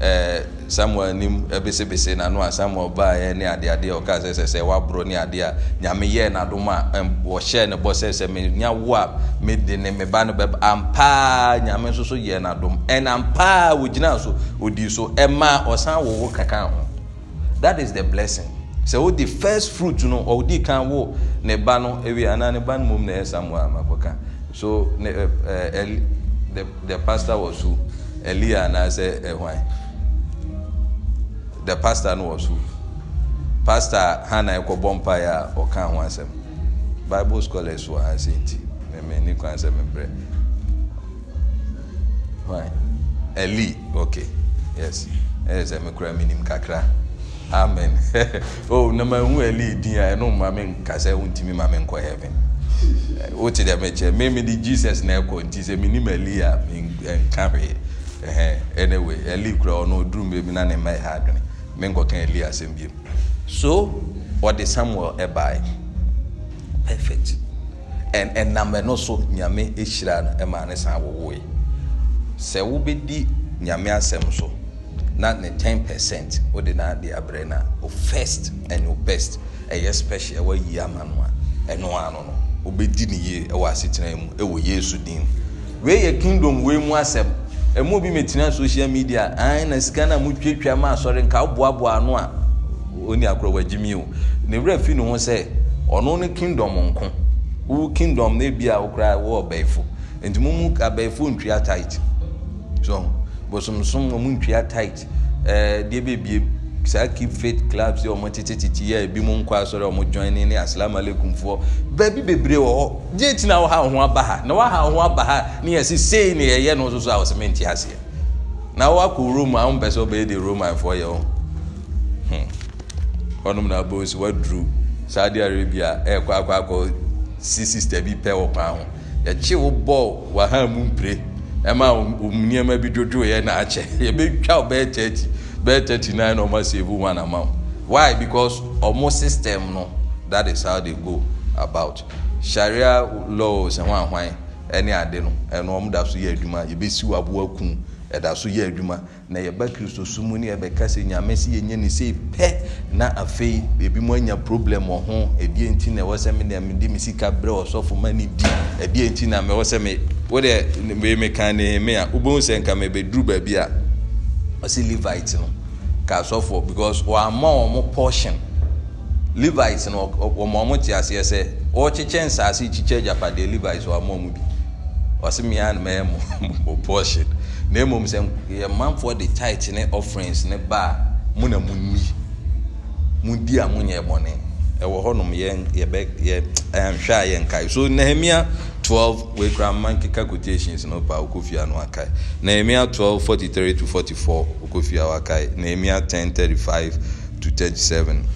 eh, samuel anim ebesebese n'ano a samuel baayɛ ne adeadeɛ ɔka sɛ sɛ sɛ waboro ne adeɛ a nyame yɛɛ n'adom a wɔhyɛ ne bɔ sɛ sɛ me nya wo a me de ne me ba no bɛ ampaa nyame nso so yɛɛ n'adom ɛna ampaa wogyina so odi so ɛma ɔsan wo wo kaka ho that is the blessing sɛ wodi first fruit no ɔdi kan wo ne ba no ewi anaa ne ba no mom na ɛyɛ samuel amakɔka so ne ɛɛ ɛli the the pastor was who eliya anaasɛ ɛhwan. Eh, the pastor no wɔ so pastor hana ɛkɔbɔ mpaeɛ a ɔka ho asɛm bible scholars wɔ ha se nti mɛmɛni kwan sɛ mɛbrɛ why eli okay yes ɛyɛ sɛ mekura minim kakra amen oh na ma hu eli din a ɛno ma me nkasa ntumi ma me nkɔ heaven wote dɛ mekyɛ meme de jesus na ɛkɔ nti ni menim eli a nka hwee ɛhɛn anyway eli kura ɔno ɔduru mbɛbi na ne mma ɛha adwene menkɔka eli asɛm biom so ɔde samuel ɛbae perfect ɛnam ɛno so nyame ɛhyira no e ma ne san wɔwoe sɛ wobɛdi nyame asɛm so na ne ten percent wode no ade abrɛ no a o first and o best ɛyɛ special wayi ama no a ɛno a no no wobɛdi ne yie ɛwɔ asetena mu ɛwɔ yesu din wei yɛ kingdom wei mu asɛm ɛmu bi mɛtina social media an na sika no a motwatwa ma asɔre nka woboaboa ano a ɔni akorɔwagyimi o ne werɛ fi ne ho sɛ ɔno ne kingdom nko wo kingdom no bi a wokora wɔ abɛɛfo nti momu abɛɛfo ntwia tight so bosomsom mu ntwia tight ɛɛ deɛ bɛbiem saa keep faith clubs ya tete tete ebi mu nkɔ asɔre ɔmo join ne ne asalaamualeykum foɔ bebree wɔ hɔ gye tina ha aba na wɔ ha aba ha si sei ne yɛyɛ no nso so a na wakɔ rome a ɔmo pɛ sɛ ɔbɛyɛ de roman hmm na waduru saudi arabia ɛɛkɔ akɔ si sista bi ha bɛɛ thirty nine na ɔmo asave one amount why because ɔmo system no that is how they go about sharia laws ɛho ahwan ɛne ade no ɛno ɔmo da so yɛ adwuma yɛbɛsi wɔ aboa kun ɛda so yɛ adwuma na yɛba kristo so mu ne yɛbɛka sɛ nyame sɛ yɛnyɛ ne sei pɛ na afei ebi mu anya problem wɔ ho ebi enti na ɛwɔ sɛ me deɛ mede me sika brɛ ɔsɔfo ma ne di ebi enti na mɛwɔ sɛ me wodeɛ meka ne me a wobɛhu sɛ nka mebɛduru baabi a ɔsɛ levite no ka asɔfoɔ because wɔama wɔn portion levites no wɔn wɔn te aseɛ sɛ wɔrekyekyɛ nsaase kyekyɛ japadeɛ levites wɔama wɔn bi wɔsi mmea na mɛyɛ mo portion na emom sɛ yɛ manfoɔ de tithe ne offerings ne ba a mo na mo ni mo di a mo nyɛ bɔnɛ ɛwɔ hɔnom yɛ yɛ bɛ yɛ ɛnhwɛ a yɛn kae so nehemia. Twelve wei kora ma nkeka quotations no pa wokɔfie a no akae nehemia 12 43 to 44 wokɔfie a wakae ten thirty five to thirty seven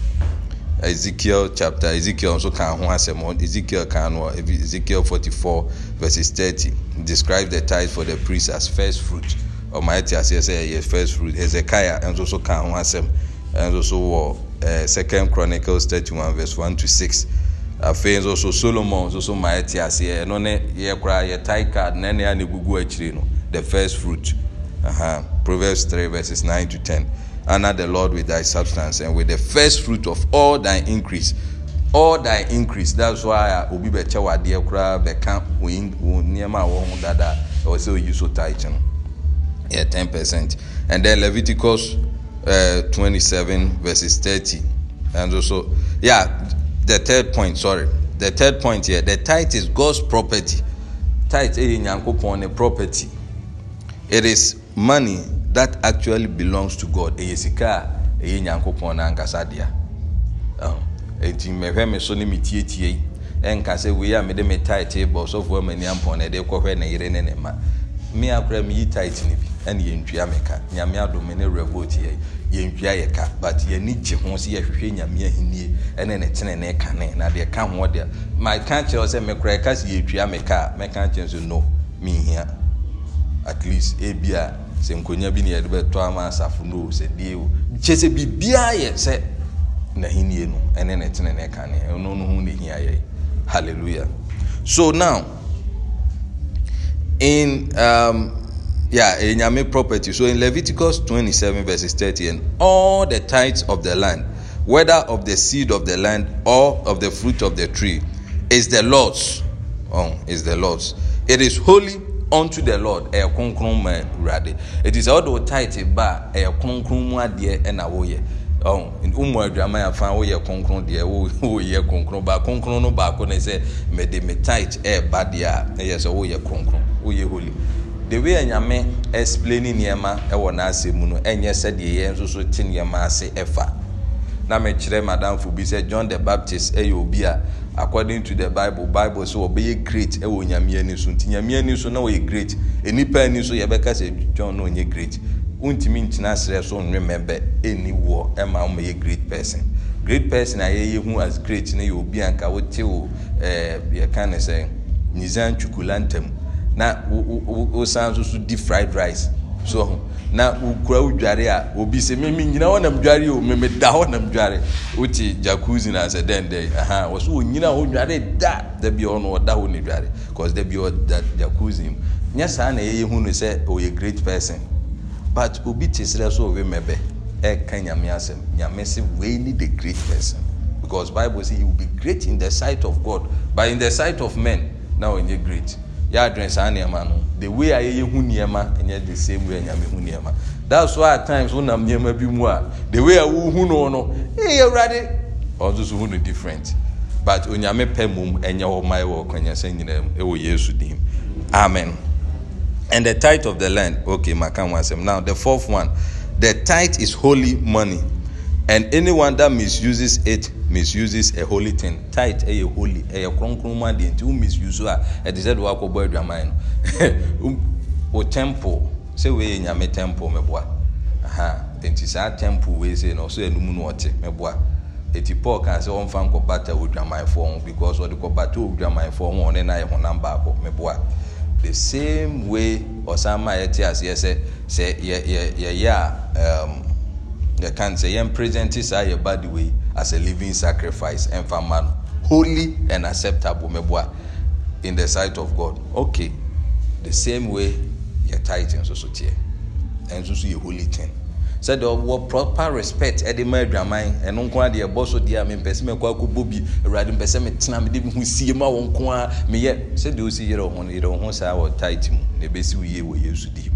ezekiel chapter ezekiel nso ka ho asɛm ezekiel ka no ezekiel four verses thirty describe the tithe for the priest as first fruit ɔmaa ti aseɛ sɛ ɛyɛ first fruit Ezekiah nso so ka ho asɛm nso so wɔ eh, second chronicles thirty one verse one to six afei nso so solomon nso so ma ɛte aseɛ ɛno ne yɛ koraa yɛ tie card na ɛne a gugu akyire no the first fruit uh-huh. proverbs three verses nine to ten. honor the lord with thy substance and with the first fruit of all thy increase all thy increase that's why a uh, obi bɛkyɛ wadeɛ koraa bɛka wɔn nneɛma a wɔn ho dada ɛwɔ sɛ oyi so tight no yɛ ten percent and then leviticus uh, seven verses thirty. and so so yeah the third point sorry the third point here the tithe is God's property tithe ẹ yẹ eh, nyankopɔn ne property it is money that actually belongs to God ẹ eh, yẹ sika ẹ yẹ eh, nyankopɔn n'ankasa dea oh, eti mɛhwɛ mi so ne mi tietie yi ɛnka sɛ wei a mi de mi tithe bɔ sɔfo ɛmɛ ni ampɔn na ɛde kɔhwɛ ne yere ne ne ma mi akora mi yi tithe ne bi ɛna yɛn dua mi ka nyame adome revolt yɛ yɛnhwia yɛ ka but yɛni gye ho sɛ yɛhwehwɛ nyame ahennie ɛne ne tene ne kane na deɛ ka ho deɛ ma ka kyerɛ sɛ mekora ɛka sɛ yɛtwia me ka mɛka kyerɛ sɛ no menhia at least e a sɛ nkonya bi ne yɛde bɛtɔ ama asafo no sɛ deɛ o kyɛ sɛ biribiaa yɛ sɛ n'ahennie no ɛne ne tene ne kane ɛno no ho ne hia yɛ hallelujah so now in um, yeah enyame property so in leviticus twenty-seven verses thirty and all the tithes of the land whether of the seed of the land or of the fruit of the tree is the lord's oh is the lord's it is holy unto the lord ɛyɛ kronkron ma it is all the tithe eh, eh, ba ɛyɛ kronkron mu adeɛ ɛna wɔyɛ ɔn umu aduama afa woyɛ kronkron deɛ woyɛ kronkron ba kronkron no baako ne sɛ mɛde me tithe ɛɛba eh, deɛ a ɛyɛ sɛ woyɛ kronkron woyɛ holy the way anyame explain nneɛma wɔ n'asɛm mu no ɛnyɛ sɛdeɛ yɛn nso so te nneɛma ase ɛfa na mekyerɛ madamfo bi sɛ john the baptist yɛ obi a according to the bible bible sɛ ɔbɛyɛ great wɔ nyame ani so nti nyame ani so na ɔyɛ great nipa ani so yɛbɛka sɛ john na ɔnyɛ great wontumi nkyina serɛ so nwe mɛbɛ ɛni wɔ ɛma ɔmɛyɛ great person great person a yɛyɛ hu as great no yɛ obi a nka wote wo ɛɛ eh, yɛka ne sɛ nizan twukula na wosan nso so di fried rice so ho na wokura wodware a obi sɛ meme nyina wɔnam dware o meme da wɔnam dware wote jacuzzi no sɛ dɛndɛn aha wɔ so ɔnyina a wɔdware da da bia ɔno ɔda hɔ ne dware bcause da bia ɔda jacuzzi mu nyɛ saa na ɛyɛ hu no sɛ ɔyɛ great person but obi te serɛ so ɔwe mɛbɛ ɛka nyame asɛm nyame se wei ne the great person because bible say he will be great in the sight of god but in the sight of men na ɔnyɛ great yɛadwene saa nnoɔma no the way a yɛyɛhu nnoɔma ɛnyɛ the same way anyame hu nnoɔma thats why at times wonam nnoɔma bi mu a the way a wohu no no ɛyɛ awurade ɔnso so hu no different but onyame pɛ mom ɛnyɛ hɔ ma ɛwɔ ɔkwanyasa nyinaa mu ɛwɔ yesu dim amen and the tithe of the land okay maka ho asɛm now the fourth one the tithe is holy money and anyone that misuses it misuses a holy thing tight ɛyɛ eh, holy ɛyɛ eh, kronkron mu adeɛ nti wo misuse a ɛte eh, sɛ de wakɔbɔ adwaman no um, O temple sɛ wei yɛ nyame temple meboa aha nti saa temple wei se na ɔsɛ anum no ɔte meboa eti paul kan sɛ ɔmfa nkɔbata odwamanfoɔ ho because ɔde kɔbata odwamanfoɔ ho ɔne na yɛ honam baako meboa the same way ɔsan maa yɛte aseɛ sɛ sɛ yɛ yɛ yɛyɛ a. Um, the can say yɛn present saa yɛ body way as a living sacrifice ɛnfa ma no holy and acceptable mɛboa in the sight of god okay the same way your tight nso so teɛ and so yɛ holy thing sɛdeɛ ɔwɔ oh, proper respect ɛde ma adwaman ɛno nko adeɛ ɛbɔ so deɛ a mempɛsɛ mɛkɔ akɔbɔ bi awurade mpɛsɛ metena mede meho sie ma wɔ nko a meyɛ sɛdeɛ ɔsi yerɛ wo ho no yerɛ wo ho saa wɔ tit mu na ɛbɛsi wo yie wɔ yesu dim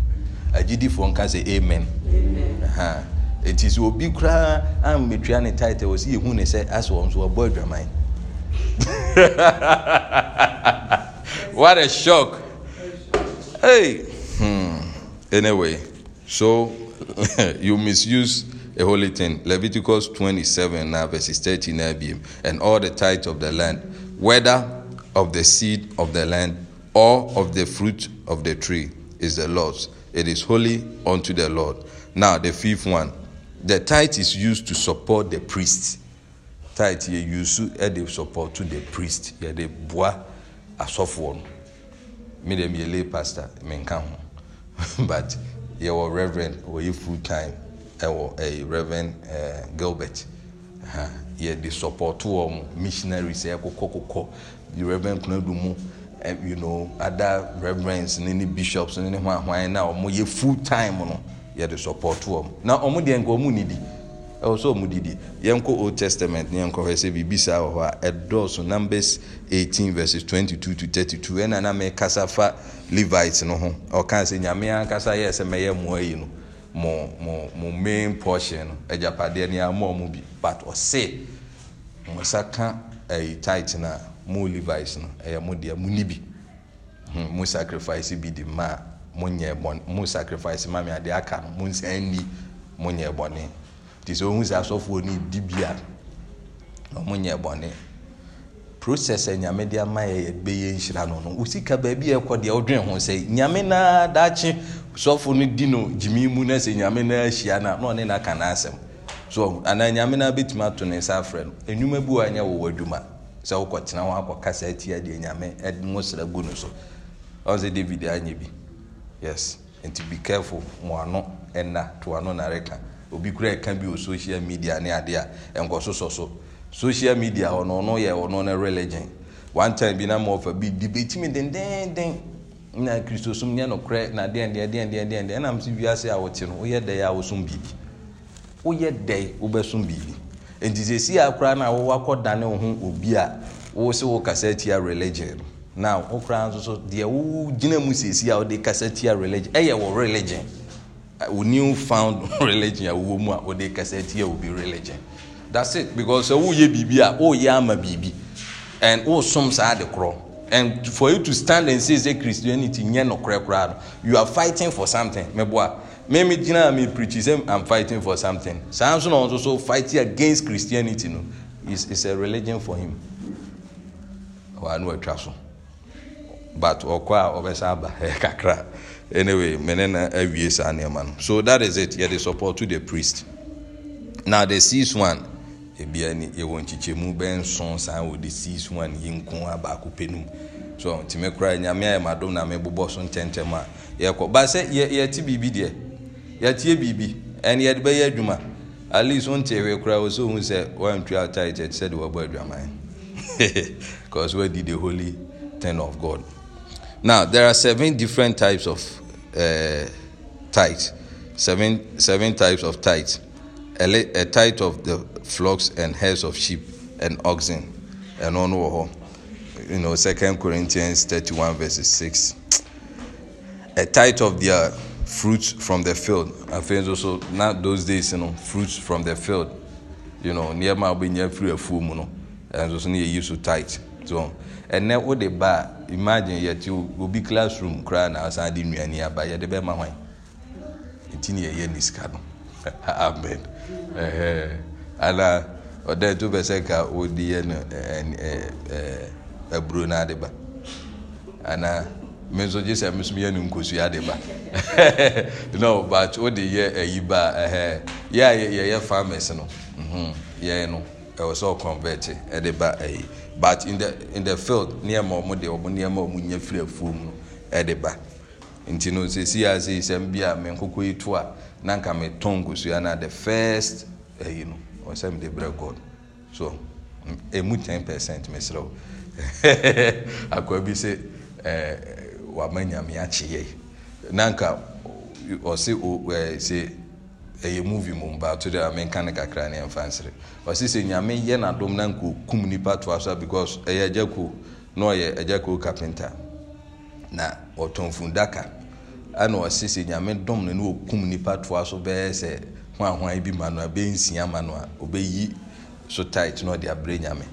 agyidifoɔ nka sɛ amen, amen. Uh -huh eti sɛ obi koraa ammetua ne title wɔ sɛ yɛhu ne sɛ asɛ wɔn so wɔbɔ adwaman what a shock hey hmm. anyway so you misuse a holy thing leviticus 27 now verses 13 abm and all the tithe of the land whether of the seed of the land or of the fruit of the tree is the lord's it is holy unto the lord now the fifth one the tithe is used to support the priest tithe yɛ use eh, ɛde support to the priest yɛde boa asɔfoɔ no mi dɛm yɛ lay pastor mi nka ho but yɛwɔ reverend wɔyɛ full time ɛwɔ eh, ɛyɛ eh, reverend ɛɛ gilbert yɛde support wɔn missionaries ɛkokɔ The reverend kunadu mu ɛ you know other reverends ne ne bishops ne ne hwan hwan na wɔn yɛ full time no yɛde sɔpɔto wɔn na wɔn deɛ nka wɔn nidi ɛwɔ sɛ wɔn didi yɛnkɔ old testament ne yɛnkɔ hɔ bibi biribi saa wɔ hɔ a ɛdɔɔso numbers eighteen verses twenty two to thirty two ɛna na mɛ kasa fa levites no ho ɔka sɛ nyame ankasa yɛ sɛ mɛyɛ mmoa yi no mo mo mo main portion no agyapadeɛ ne mo ɔmo bi but ɔse mo sa ka ɛyi eh, tight na mo levites no ɛyɛ mo deɛ mo ni bi hmm, mo sacrifice bi di maa monyɛ bɔne mo sacrifice ma me ade aka no mo nsa nni monyɛ bɔne nti sɛ ohun sɛ asɔfoɔ no di bia na monyɛ bɔne process a nyame de ama yɛ yɛ bɛyɛ nhyira no no osika baabi ɛkɔ deɛ ɔdwen ho sɛ nyame naa daakye sɔfo no di no gyimi mu na sɛ nyame naa ahyia na na ɔne na aka n'asɛm so anaa nyame naa bɛtumi ato ne nsa afrɛ no enwuma bi wɔ anyɛ wɔ wɔ adwuma sɛ wokɔtena hɔ akɔkasa atia deɛ nyame ɛde ŋo sra gu no so ɔn sɛ david anyɛ bi yes nti be careful mo ano ɛna to ano na reka obi kura ɛka bi wɔ social media ne adeɛ a nkɔso sɔ so social media hɔ no ɔno yɛ ɔno ne religion one time bi na mo bi di betumi dendenden na kristosom nyɛ no korɛ na deɛ deɛ deɛ deɛ deɛ deɛ ɛnam si wiase a wɔte no woyɛ dɛ a wɔsom biribi woyɛ dɛ wobɛsom biribi nti sɛ si akora na wɔwɔ akɔ dane wo ho obi a wɔwɔ sɛ wɔkasa atia religion no now wo nso so deɛ wogyina mu seesi a wode kasa tia religion ɛyɛ wɔ religion wo new found religion a wowɔ mu a wode kasa tia obi religion that's it because sɛ woyɛ biribi a woyɛ ama biribi and wosom saa de korɔ and for you to stand and say say christianity nyɛ nokorɛ koraa no you are fighting for something meboa mɛmi gyina mi preach say i'm fighting for something saa nso na wɔn so fighting against christianity no is is a religion for him wɔn anu atwa so but ɔkɔ a ɔbɛsa aba ɛyɛ kakra anyway mene na awie saa nneɛma no so that is it yɛde support to the priest now the sixth one ebi ani yɛwɔ nkyekyɛmu bɛn nson saa wɔ the sixth one yi nko a baako pɛ nu so ntumi kura nyame ayɛ ma dom na me bobɔ so ntɛntɛm a yɛkɔ ba sɛ yɛ yɛte biribi deɛ yɛteɛ biribi ɛni yɛde bɛyɛ adwuma at least wɔn te ewe kura wɔ so ohun sɛ wɔn ntwi ata yɛ kyɛ sɛ de wɔbɔ adwaman because wɔn di the holy thing of God. Now, there are seven different types of uh, tithe. Seven, seven types of tithe. A, a tithe of the flocks and herds of sheep and oxen. And on war. You know, Second Corinthians 31, verses 6. A tithe of their fruits from the field. I think also, not those days, you know, fruits from the field. You know, near my being free of food, you know. And also, you used to tithe. So, and now what they buy. imagine yɛte obi classroom koraa na asan de nnuane aba yɛde bɛma hwan nti ne yɛyɛ ne sika no amen eh, anaa eh, eh, ɔdan to bɛ sɛ ka wɔde yɛ no aburo no ade ba anaa me nso gye sɛ mesom yɛ no nkosua ade ba no but wode yɛ ayi ba yɛ a yɛyɛ farmers no mm-hmm. yɛn no ɛwɔ sɛ ɔconvert ɛde ba ayi but in the in the field nneɛma a wɔde wɔn nneɛma a wɔnya firi afuo mu ɛde ba nti no sisi ase sɛm bi a mɛ nkoko yi to a na nka mɛ tɔn nkosua na the first ɛyi no ɔsɛm de brɛ god so emu ten percent mɛ srɛ o akɔɛ bi sɛ ɛɛ wama nyame akyeɛ na nka ɔsi o ɛɛ sɛ. ɛyɛ movie mu mpaato de a menka ne kakra ne ɛmfa nsere ɔsi sɛ nyame yɛ n'adom na nkokum nipa to aso because ɛyɛ agyako na ɔyɛ agyako kapenta na ɔtɔn fundaka ɛna ɔsi sɛ nyame dom no na nipa to aso bɛyɛ sɛ hwan hwan bi ma no a bɛyɛ nsia ma no a ɔbɛyi so tight na ɔde abrɛ nyame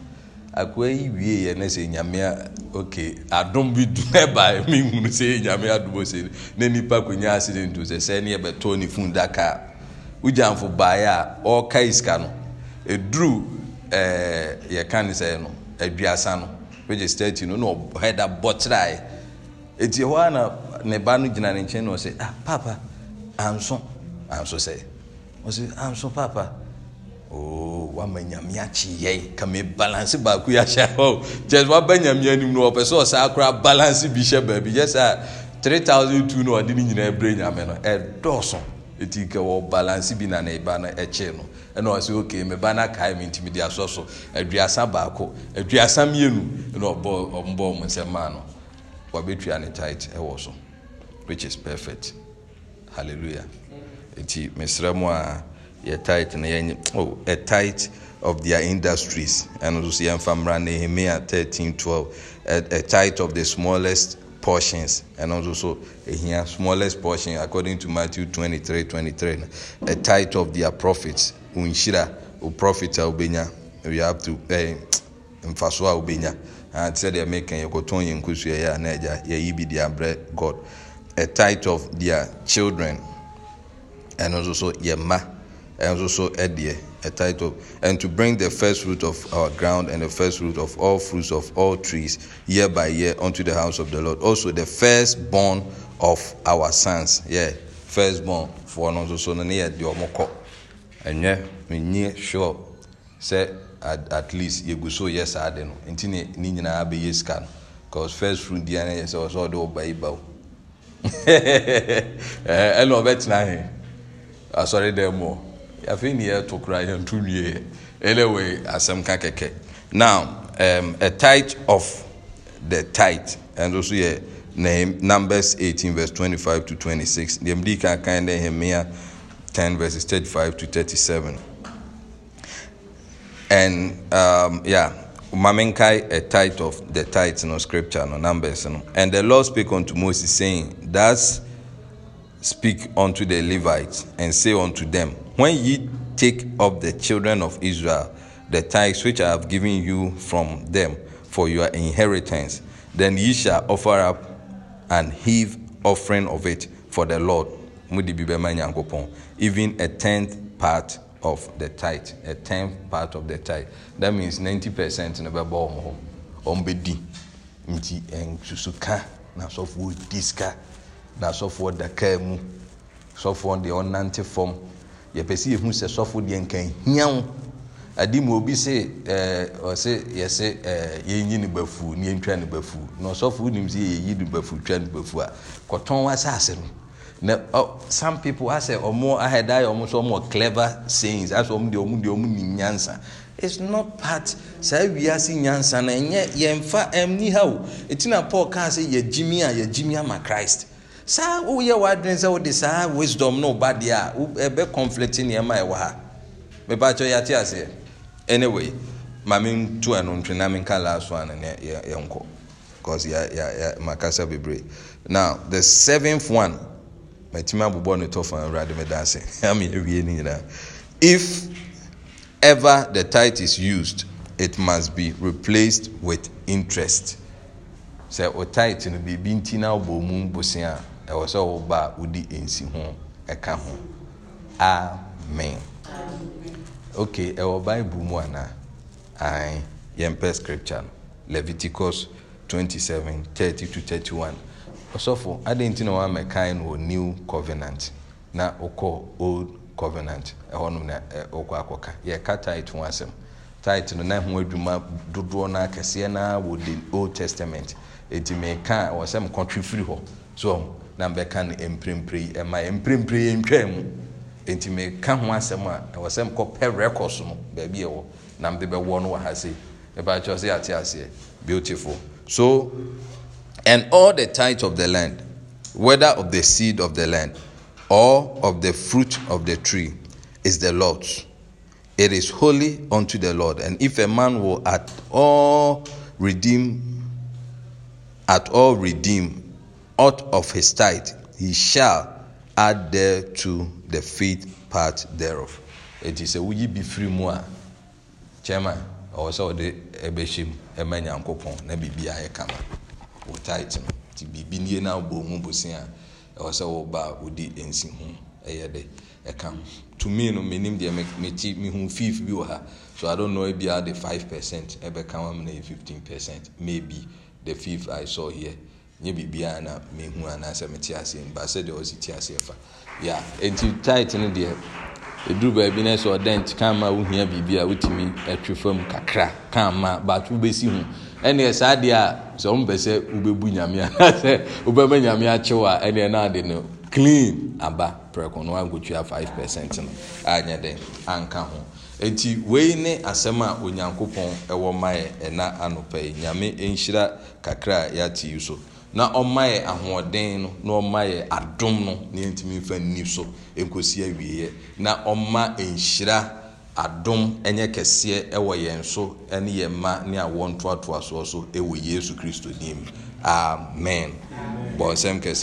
akoa e yi wie yɛ ne sɛ nyame a ok adom bi du ɛba mi hunu sɛ nyame adom sɛ ne nipa konya accident sɛ sɛ ne yɛbɛtɔ ne fundaka a. wogyamfo baeɛ a ɔrekae sika no ɛduruu yɛka ne sɛ no aduasa no wɛgye stati no ne ɔhɛda bɔkyerɛeɛ ɛti hɔ a na ne ba no gyina ne nkyɛn ne ɔsɛ ah papa anso anso sɛ ɔsɛ anso papa ooo wama nyame akyi yɛn kame balance baako yɛ ahyɛ hɔ just waba nyame anim no ɔpɛ sɛ ɔsaa koraa balance bi hyɛ baabi yɛ sɛ three thousand two no ɔde ne nyinaa ebire nyame no ɛdɔɔso. E ɛti kɛwɔ balanse bi nana ɛba e e no ɛkyee no ɛna ɔsɛ ok meba no kae me ntimi de asɔ so aduasa baako aduasa mmienu ɛna e ɔbɔ ɔmbɔ ɔmo nsɛm maa no wabɛtua ne tight ɛwɔ so which is perfect hallelujah ɛti mesrɛ mu a yɛ tight na yɛnyɛ oh a tight of their industries ɛno nso yɛmfa mmra nehemia thirteen twelve a tight of the smallest portions ɛno nso so ehia smallest portion according to matthew twenty three twenty three na a tithe of their profits nhyira o profit a wobɛnya we have to ɛɛ eh, mfaso a wobɛnya ɛn ti sɛ deɛ meka yɛ kɔtɔn yɛn nkosu yɛ ana agya yɛyi bi de abrɛ god a tithe of their children ɛno nso so yɛ mma ɛno nso so ɛdeɛ. Eh, a title, and to bring the first fruit of our ground and the first fruit of all fruits of all trees year by year unto the house of the Lord. Also, the firstborn of our sons. Yeah, firstborn for no so so no near the omoko. And yeah, me sure. Say at, at least you go so yes I don't know. Intini ninja be yes can. Because first fruit the ane yes also do by bow. Eh, no bet na he. Asori ah, dem more. afei to yɛto koraa to nwieɛ anyway asɛm ka kɛkɛ now um, a tithe of the tithe ɛnso so yɛ numbers 18 verse 25 to 26 deɛ mede ka kan dɛ hemia 10 verses 35 to 37 and um, yeah Mamenkai a tithe of the tithe no scripture no numbers no and the Lord spake unto Moses saying thus speak unto the Levites and say unto them when ye take up the children of Israel, the tithes which I have given you from them for your inheritance, then ye shall offer up an heave offering of it for the Lord, even a tenth part of the tithe, a tenth part of the tithe. That means 90% in the Bible. ɔmbɛdi um, um, um, nti eh, nsusuka na sɔfoɔ diska na sɔfoɔ dakaa mu sɔfoɔ deɛ ɔnante fam yɛpɛ sɛ yɛhu sɛ sɔfo deɛ nka hia wo ade mu obi se ɛɛ ɔse yɛse ɛɛ yɛnyi ne bafu ne yɛntwa ne bafu na ɔsɔfo nim sɛ yɛyi ne bafu twa ne bafu a kɔtɔn asase no na ɔ some people asɛ ɔmo ahɛda yɛ ɔmo nso ɔmo clever sayings asɛ ɔmo deɛ ɔmo deɛ ɔmo nim nyansa it's not part saa wiase nyansa na ɛnyɛ yɛnfa ɛm ni ha o etina paul kaa sɛ yɛgyimi a yɛgyimi ama christ saa woyɛ w'adwene sɛ wode saa wisdom no ba deɛ a ɛbɛ conflict nneɛma ɛwɔ ha mepaakyɛ yɛate aseɛ anyway ma mentu ɛno ntwe na menka last one ne yɛnkɔ because makasa bebree now the seventh one matumi abobɔ ne tɔfa awurade meda ase ameyɛwie no nyinaa if ever the tithe is used it must be replaced with interest sɛ o tithe no biribi nti na wobɔ mu bosia a ɛwɔ sɛ ụdị a wode ɛnsi ho ɛka ho amen ok ɛwɔ bible mu ana ae yɛmpɛ scripture no leviticus 27 30 31 ɔsɔfo adɛn nti na woamɛkae no wɔ new covenant na wokɔ old covenant ɛhɔnom na wokɔ akɔka yɛka tit ho asɛm tit no na ho adwuma dodoɔ no akɛseɛ noa wɔ the old testament ɛti meka wɔ sɛ mekɔtwe firi hɔ so na bɛka no mprempre ɛma mprempre yɛ ntwaa mu ɛnti meka ho asɛm a ɛwɔ sɛ mkɔpɛ records no baabi ɛwɔ na mde bɛwɔ no wɔ ha sei ɛbɛakyɛw sɛ yɛate aseɛ beautiful so and all the tithe of the land whether of the seed of the land or of the fruit of the tree is the lord's it is holy unto the lord and if a man will at all redeem at all redeem out of his tithe he shall add there to the faith part thereof ɛti sɛ woyi bi firi mu a chairman ɔwɔ sɛ ɔde ɛbɛhyɛ mu ɛma nyankopɔn na biribi ayɛ kama wo tithe no nti biribi nie na abɔ mu bosia a ɛwɔ sɛ woba a wodi nsi ho ɛyɛ dɛ ɛka ho tumi no menim deɛ mekyi mehu fiif bi wɔ ha so i don't know ebia the five percent ɛbɛka wa mu na yɛ fifteen percent maybe the fiif i saw here. nyɛ biribiaa na mehu anaasɛ mete aseɛ mu ba sɛdeɛ ɔsi te aseɛ fa ya ɛnti tit no deɛ ɛduru baabi na sɛ ɔdɛnt ka ma wohia biribi a wotumi atwe fam kakra ka ma but wobɛsi ho ɛneɛ saa deɛ a sɛ wompɛ sɛ wobɛbu nyame anaasɛ wobɛma nyame akyew a ɛneɛ na ade no clean aba prɛko no wankɔtua 5 percent no anyɛ dɛn anka ho ɛnti wei ne asɛm a onyankopɔn ɛwɔ mayɛ ɛna anɔpɛyi nyame ɛnhyira kakra a yɛate yi so na ɔma yɛ ahoɔden no na ɔma yɛ adom no na yɛntumi mfa nni so nkɔsi awieɛ na ɔma nhyira adom nyɛ kɛseɛ wɔ yɛn so ne yɛn mma ne awoɔ ntoatoasoɔ so wɔ yesu kristo nim amen bɔnsɛm kɛseɛ